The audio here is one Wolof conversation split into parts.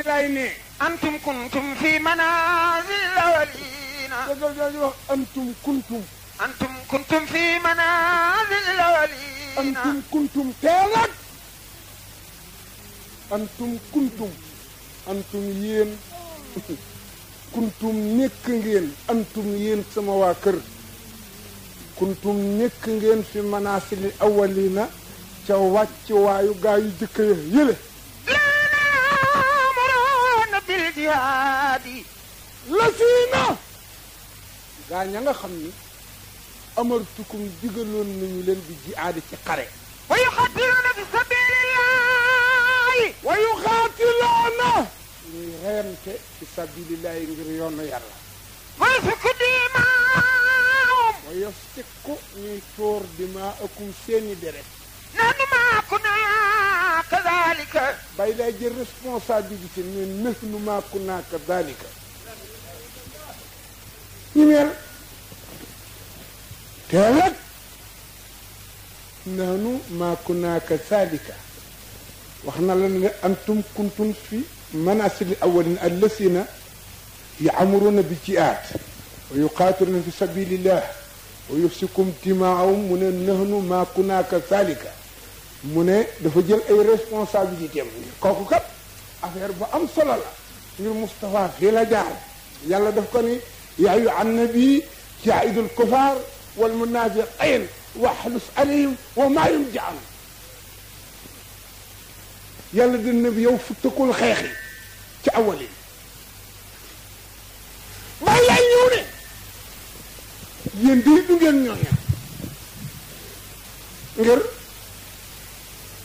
العينين أنتم كنتم في منازل الأولين أنتم كنتم أنتم كنتم في منازل الأولين أنتم كنتم تالت أنتم كنتم أنتم يين kuntum nekk antum yéen sama waa kër kuntum nekk ngeen fi manaasili awalina ca wàcc waayu gaa yu jëkk jihaadi lasiina gaa ña nga xam ni amartukum digaloon nañu leen bi jihaadi ci xare wa yuqatiluuna fi sabilillahi wa yuqatiluuna ñuy reyante fi sabilillahi ngir yoonu yàlla ويسفك دماءهم ويسفك من شور دماءكم سيني درس ذلك بايلا جي ريسبونسابيلتي من نحن ما كنا كذلك نمير تالت نحن ما كنا كذلك وحنا لنا انتم كنتم في مناسل الاولين الذين يعمرون بالجئات ويقاتلون في سبيل الله ويفسكم دماءهم من نحن ما كنا كذلك mu ne dafa jël ay responsabilité am kooku kat affaire bu am solo la ngir Moustapha fii la jaar yàlla daf ko ni yaa yu annabi jaahidul kufaar wal munafiqin wa waxlus alayhim wa ma yum jaal yàlla din nabi yow futtakul xeex yi ci awal yi bàyyi laay ñëw ne yéen di du ngeen ñoo ngir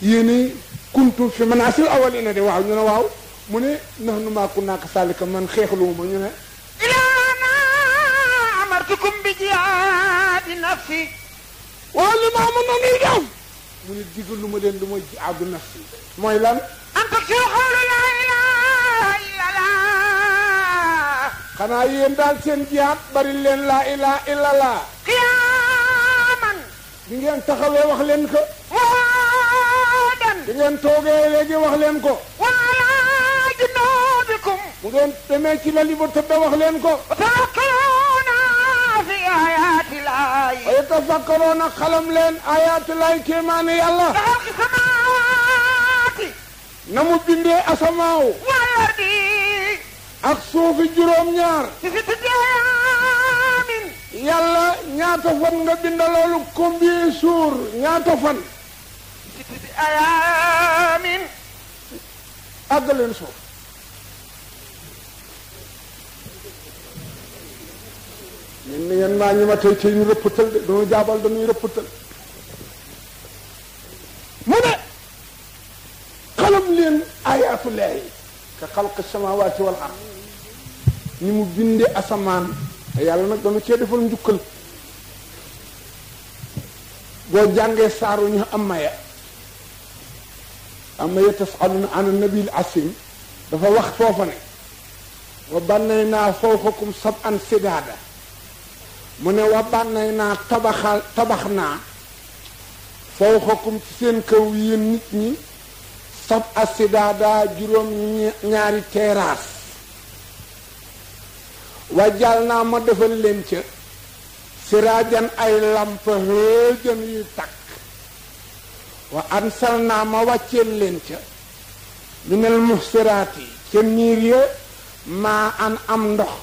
yéene kuntu fi manaasil awalina de waaw ñu ne waaw mu ne nax nu maa ku naaka saalika man xeexluwuma ñu ne ilaana amartukum bi jihaadi nafsi waaw li ma amoon na nuy def mu ne digal lu ma leen lu mooy jihaadu nafsi mooy lan antaksiru xawlu laa ilaha illa llah xanaa yéen daal seen jihaad bari leen laa ilaha illa llah qiyaaman bi taxawee wax leen ko di ngeen toogee léegi wax leen ko. wala junuubikum. bu ngeen demee ci la li wax leen ko. tafakkaruuna fi ayaati laay. ay tafakkaruuna xalam leen ayaati laay yàlla. na mu bindee asamaaw. wala di. ak suufi juróom-ñaar. yàlla ñaata fan nga bind loolu. suur ñaata fan. bi ayaamin àggal leen suuf ñun ni maa ñi ma tey tey ñu rëppatal de dañu jaabal dañuy rëppatal mu ne xalam leen ayaatu laahi ka xalq samawaati wal ard ni mu binde asamaan yàlla nag dañu cee defal njukkal boo jàngee saaru ñu am maya اما يتسالون عن النبي العسيم دفا وقت فوفني وبنينا فوقكم سبعا سدادا من وبنينا طبخ طبخنا فوقكم سين كوين نتني سبع سدادا جروم نياري تيراس وجعلنا مدفن لنشا سراجا اي لمفه هيجن يتك wa arsal naa ma wàcceel leen ca minal muxsiraati ca niir ya maa an am ndox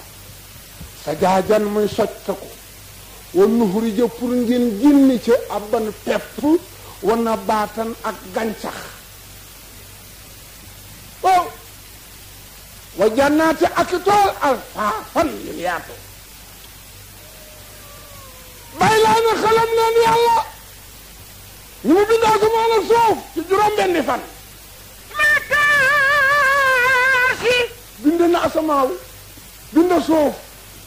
sa jaajan muy sojtaku wa nuxurija pour ngeen génn ca abban pepp wana baatan ak gàncax waaw wa jannaati ak tool alfaafan yu yaatu bàyyi laa ne xalam leen yàlla ñu mu bind asamaan ak suuf ci juróom-benni fan. mataasi. bind na asamaaw bind suuf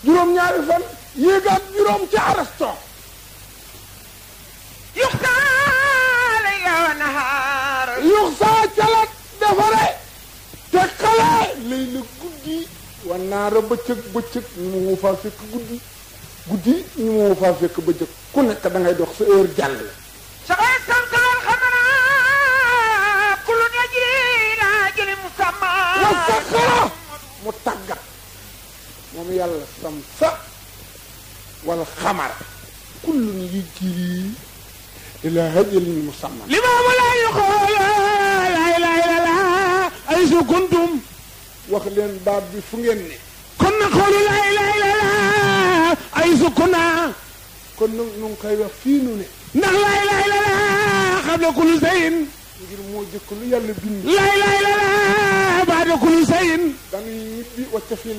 juróom-ñaari fan yéegaat juróom ci arasto. yuxsaale yow nahaar. yuxsaa calat defare te xale lay la guddi wannaara bëccëg bëccëg ñu mu woo faa fekk guddi guddi ñu mu woo faa fekk bëccëg ku nekk da ngay dox sa heure jàll sakkara mu tàggat moom yàlla sam sa wal xamara kullun yujri ila ajalin musamman limaamu laa yuqaala laa ilaaha illallaah aysu kuntum wax leen baab bi fu ngeen ne kon na xoolu laa ilaaha illallaah aysu kunna kon nag nu ngi koy wax fii nu ne ndax laa ilaaha illallaah qabla kulli shay'in ngir moo jëkk lu yàlla bind laa ilaaha illallaah بعد كل شيء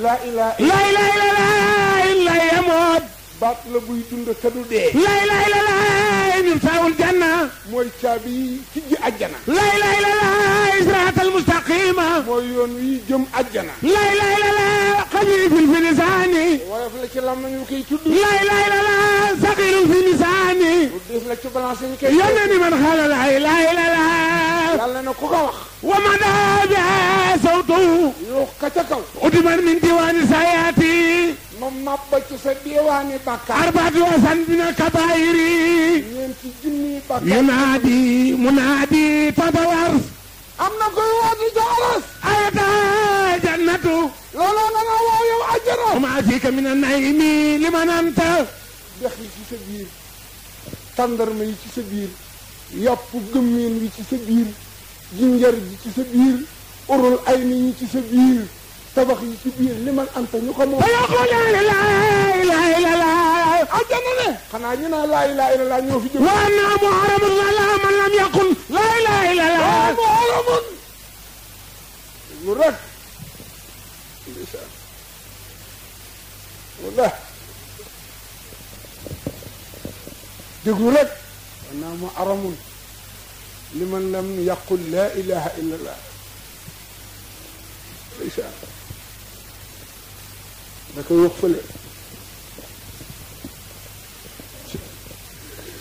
لا إله إلا الله يموت baat la buy dund te du dee. lay lay la laay min faawul janna. mooy caabi tijji àjjana. lay lay la laay siraatal mustaqima. mooy yoon wi jëm àjjana. lay lay la laa xabiisul fi lisaani. woyof la ci làmmiñ wi koy tudd. lay lay la laa saqiirul fi lisaani. bu def la ci balance yi koy. yónnee ni man xaaral ay lay la laa. yàlla na ku ko wax wa man haaja udiman min diwaani sayaati ma mabba ci sa diwaani bakkaar arbaat wasan bina kabaayiri ñeenti junni bakkaar yunaadi munaadi tabawar am na koy waaju jaaras ayata jannatu looloo jinjar ji ci sa biir urul ay nit ñi ci sa biir tabax yi ci biir li man anta ñu ko moom ayaquuluna laa ilaaha illallaah aljanna ne xanaa ñu naan laa ilaaha illallaah ñoo fi jóg wa anna muharramun alaa man lam yaqul laa ilaaha illallaah muharramun lu rek ndeysaan wala déglu rek wa anna muharramun لمن لم يقل لا اله الا الله ليس لكن يغفل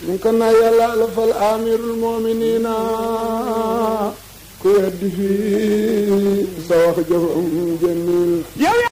ممكن يا الالف الامير المؤمنين كيهد في سواق جفع جميل